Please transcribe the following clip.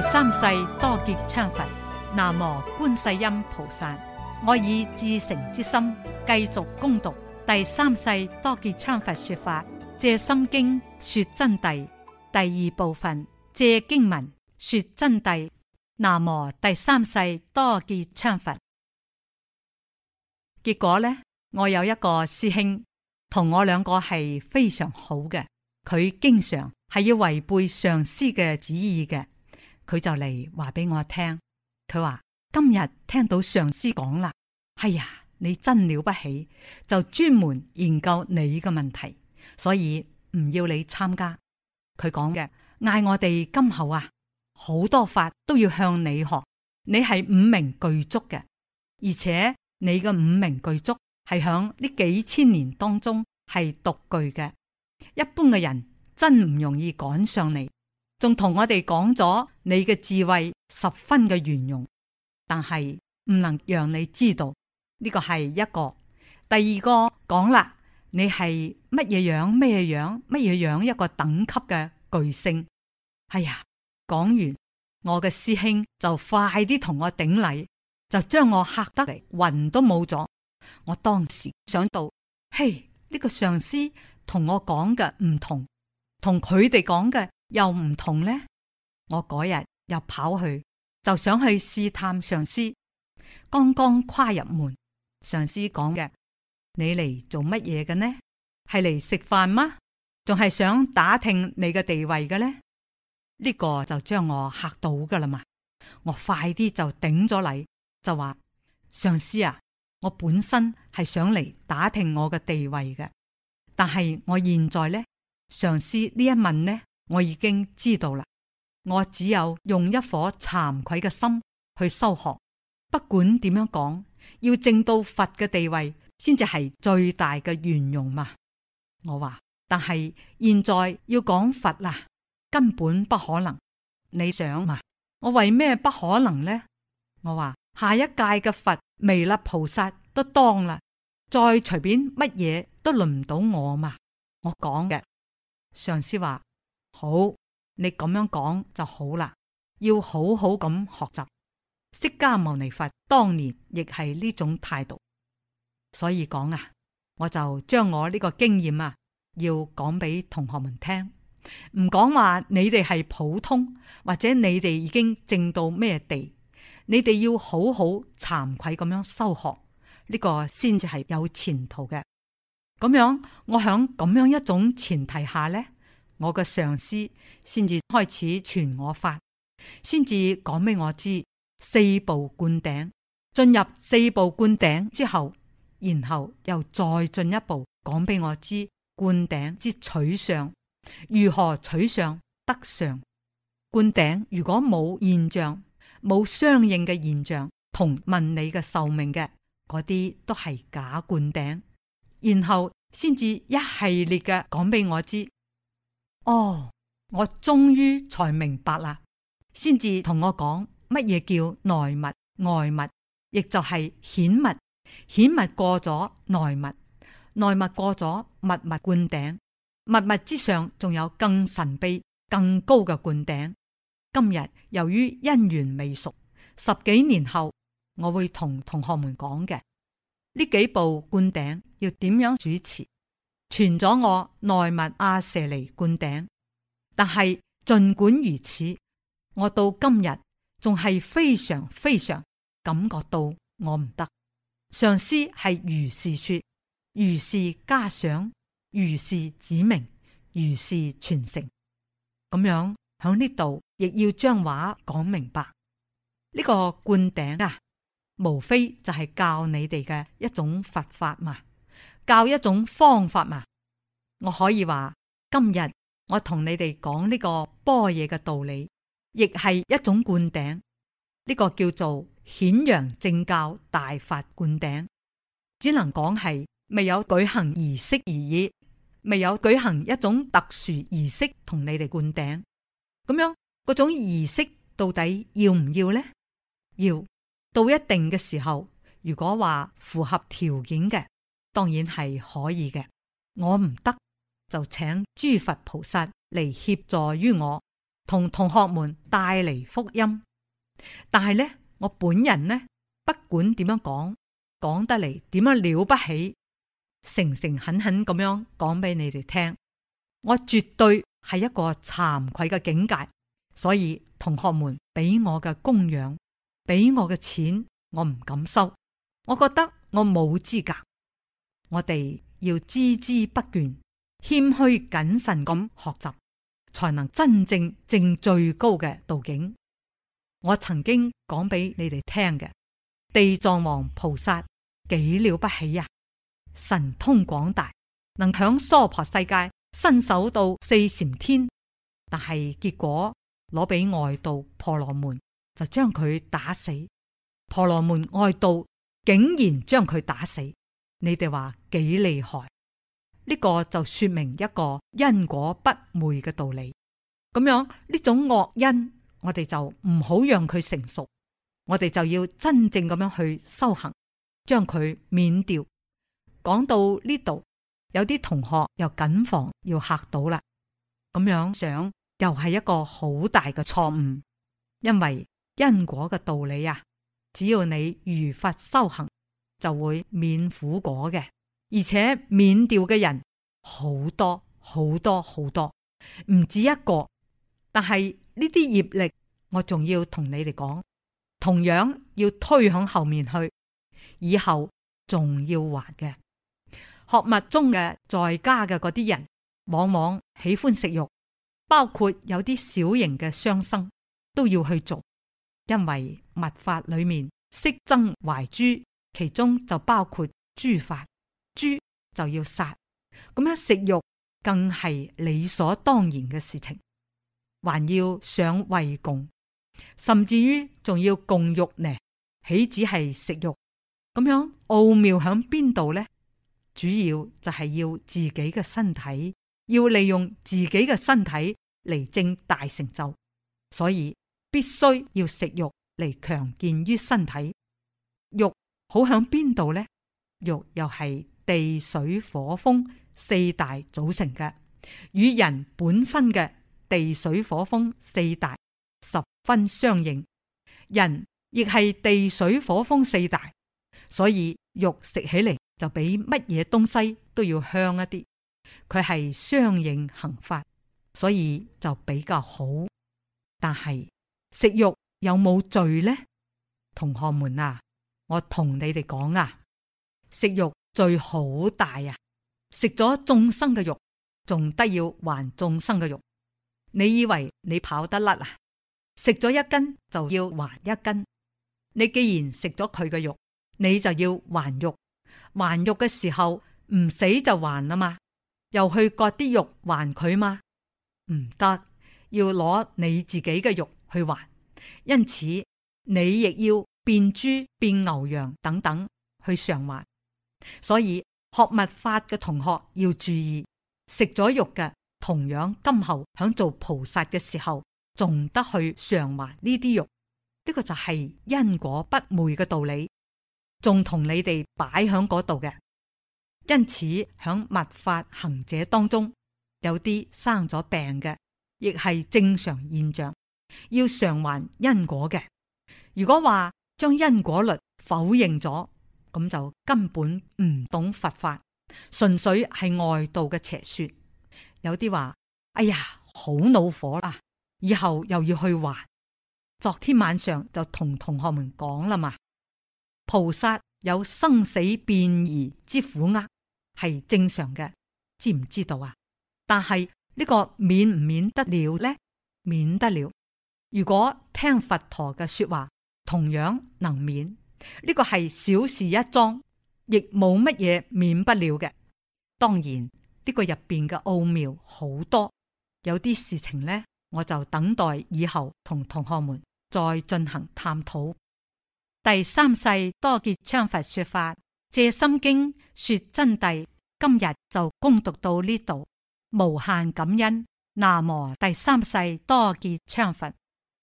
第三世多杰羌佛，南無觀世音菩薩。我以至誠之心繼續攻讀第三世多杰羌佛說法，借心經說真諦，第二部分，借經文說真諦。南無第三世多杰羌佛。結果呢，我有一個師兄同我兩個係非常好嘅，佢經常係要違背上司嘅旨意嘅。佢就嚟話俾我聽，佢話今日聽到上司講啦，哎呀，你真了不起，就專門研究你嘅問題，所以唔要你參加。佢講嘅嗌我哋今後啊，好多法都要向你學，你係五名巨足嘅，而且你嘅五明具足係響呢幾千年當中係獨具嘅，一般嘅人真唔容易趕上你。仲同我哋講咗你嘅智慧十分嘅圓融，但係唔能讓你知道呢個係一個。第二個講啦，你係乜嘢樣咩樣乜嘢樣一個等級嘅巨星。哎呀，講完我嘅師兄就快啲同我頂禮，就將我嚇得嚟暈都冇咗。我當時想到，嘿，呢個上司同我講嘅唔同，同佢哋講嘅。又唔同呢。我嗰日又跑去就想去試探上司。剛剛跨入門，上司講嘅，你嚟做乜嘢嘅呢？係嚟食飯嗎？仲係想打聽你嘅地位嘅呢？呢個就將我嚇到噶啦嘛！我快啲就頂咗禮，就話上司啊，我本身係想嚟打聽我嘅地位嘅，但係我現在呢，上司呢一問呢？我已經知道啦，我只有用一顆慚愧嘅心去修學，不管點樣講，要證到佛嘅地位，先至係最大嘅圓融嘛。我話，但係現在要講佛啦，根本不可能。你想嘛？我為咩不可能呢？我話下一屆嘅佛彌勒菩薩都當啦，再隨便乜嘢都輪唔到我嘛。我講嘅上司話。好，你咁樣講就好啦。要好好咁學習，釋迦牟尼佛當年亦係呢種態度。所以講啊，我就將我呢個經驗啊，要講俾同學們聽。唔講話，你哋係普通或者你哋已經正到咩地，你哋要好好慚愧咁樣修學，呢個先至係有前途嘅。咁樣，我響咁樣一種前提下呢。我嘅上師先至開始傳我法，先至講俾我知四步灌頂。進入四步灌頂之後，然後又再進一步講俾我知灌頂之取相，如何取相得相。灌頂如果冇現象，冇相應嘅現象同問你嘅壽命嘅嗰啲都係假灌頂。然後先至一系列嘅講俾我知。哦，oh, 我終於才明白啦，先至同我講乜嘢叫內密、外密，亦就係顯密，顯密過咗內密，內密過咗密密灌頂，密密之上仲有更神秘更高嘅灌頂。今日由於因緣未熟，十幾年後我會同同學們講嘅呢幾部灌頂要點樣主持。傳咗我內密阿闍黎灌頂，但係盡管如此，我到今日仲係非常非常感覺到我唔得。上師係如是說，如是加想，如是指明，如是傳承，咁樣喺呢度亦要將話講明白。呢個灌頂啊，無非就係教你哋嘅一種佛法嘛。教一種方法嘛，我可以話今日我同你哋講呢個般若嘅道理，亦係一種灌頂。呢個叫做顯揚正教大法灌頂，只能講係未有舉行儀式而已，未有舉行一種特殊儀式同你哋灌頂。咁樣嗰種儀式到底要唔要呢？要到一定嘅時候，如果話符合條件嘅。當然係可以嘅，我唔得就請諸佛菩薩嚟協助於我同同學們帶嚟福音。但係呢，我本人呢，不管點樣講，講得嚟點樣了不起，誠誠懇懇咁樣講俾你哋聽，我絕對係一個慚愧嘅境界。所以同學們俾我嘅供養，俾我嘅錢，我唔敢收，我覺得我冇資格。我哋要孜孜不倦、謙虛謹慎咁學習，才能真正正最高嘅道境。我曾經講俾你哋聽嘅，地藏王菩薩幾了不起呀、啊，神通廣大，能響娑婆世界伸手到四禪天，但係結果攞俾外道婆羅門就將佢打死。婆羅門外道竟然將佢打死。你哋話幾厲害？呢個就說明一個因果不昧嘅道理。咁樣呢種惡因，我哋就唔好讓佢成熟，我哋就要真正咁樣去修行，將佢免掉。講到呢度，有啲同學又謹防要嚇到啦，咁樣想又係一個好大嘅錯誤，因為因果嘅道理啊，只要你如法修行。就會免苦果嘅，而且免掉嘅人好多好多好多，唔止一個。但係呢啲業力，我仲要同你哋講，同樣要推向後面去，以後仲要還嘅。學密宗嘅在家嘅嗰啲人，往往喜歡食肉，包括有啲小型嘅傷生都要去做，因為密法裏面息增懷誅。其中就包括豬法，豬就要殺，咁樣食肉更係理所當然嘅事情，還要想胃供，甚至於仲要供肉呢？豈止係食肉？咁樣奧妙響邊度呢？主要就係要自己嘅身體，要利用自己嘅身體嚟證大成就，所以必須要食肉嚟強健於身體，肉。好響邊度呢？肉又係地水火風四大組成嘅，與人本身嘅地水火風四大十分相應。人亦係地水火風四大，所以肉食起嚟就比乜嘢東西都要香一啲。佢係相應行法，所以就比較好。但係食肉有冇罪呢？同學們啊！我同你哋講啊，食肉最好大啊！食咗眾生嘅肉，仲得要還眾生嘅肉。你以為你跑得甩啊？食咗一斤就要還一斤。你既然食咗佢嘅肉，你就要還肉。還肉嘅時候唔死就還啦嘛，又去割啲肉還佢嘛？唔得，要攞你自己嘅肉去還。因此，你亦要。變豬、變牛、羊等等去償還，所以學密法嘅同學要注意，食咗肉嘅同樣，今後響做菩薩嘅時候仲得去償還呢啲肉。呢、這個就係因果不昧嘅道理，仲同你哋擺響嗰度嘅。因此響密法行者當中，有啲生咗病嘅，亦係正常現象，要償還因果嘅。如果話，將因果律否認咗，咁就根本唔懂佛法，純粹係外道嘅邪說。有啲話，哎呀，好惱火啦，啊！以後又要去還。昨天晚上就同同學們講啦嘛，菩薩有生死變異之苦厄，啊，係正常嘅，知唔知道啊？但係呢，呢個免唔免得了呢？免得了。如果聽佛陀嘅說話。同樣能免，呢、這個係小事一樁，亦冇乜嘢免不了嘅。當然呢、這個入邊嘅奧妙好多，有啲事情呢，我就等待以後同同學們再進行探討。第三世多杰羌佛說法，藉心經說真諦，今日就恭讀到呢度，無限感恩。南無第三世多杰羌佛。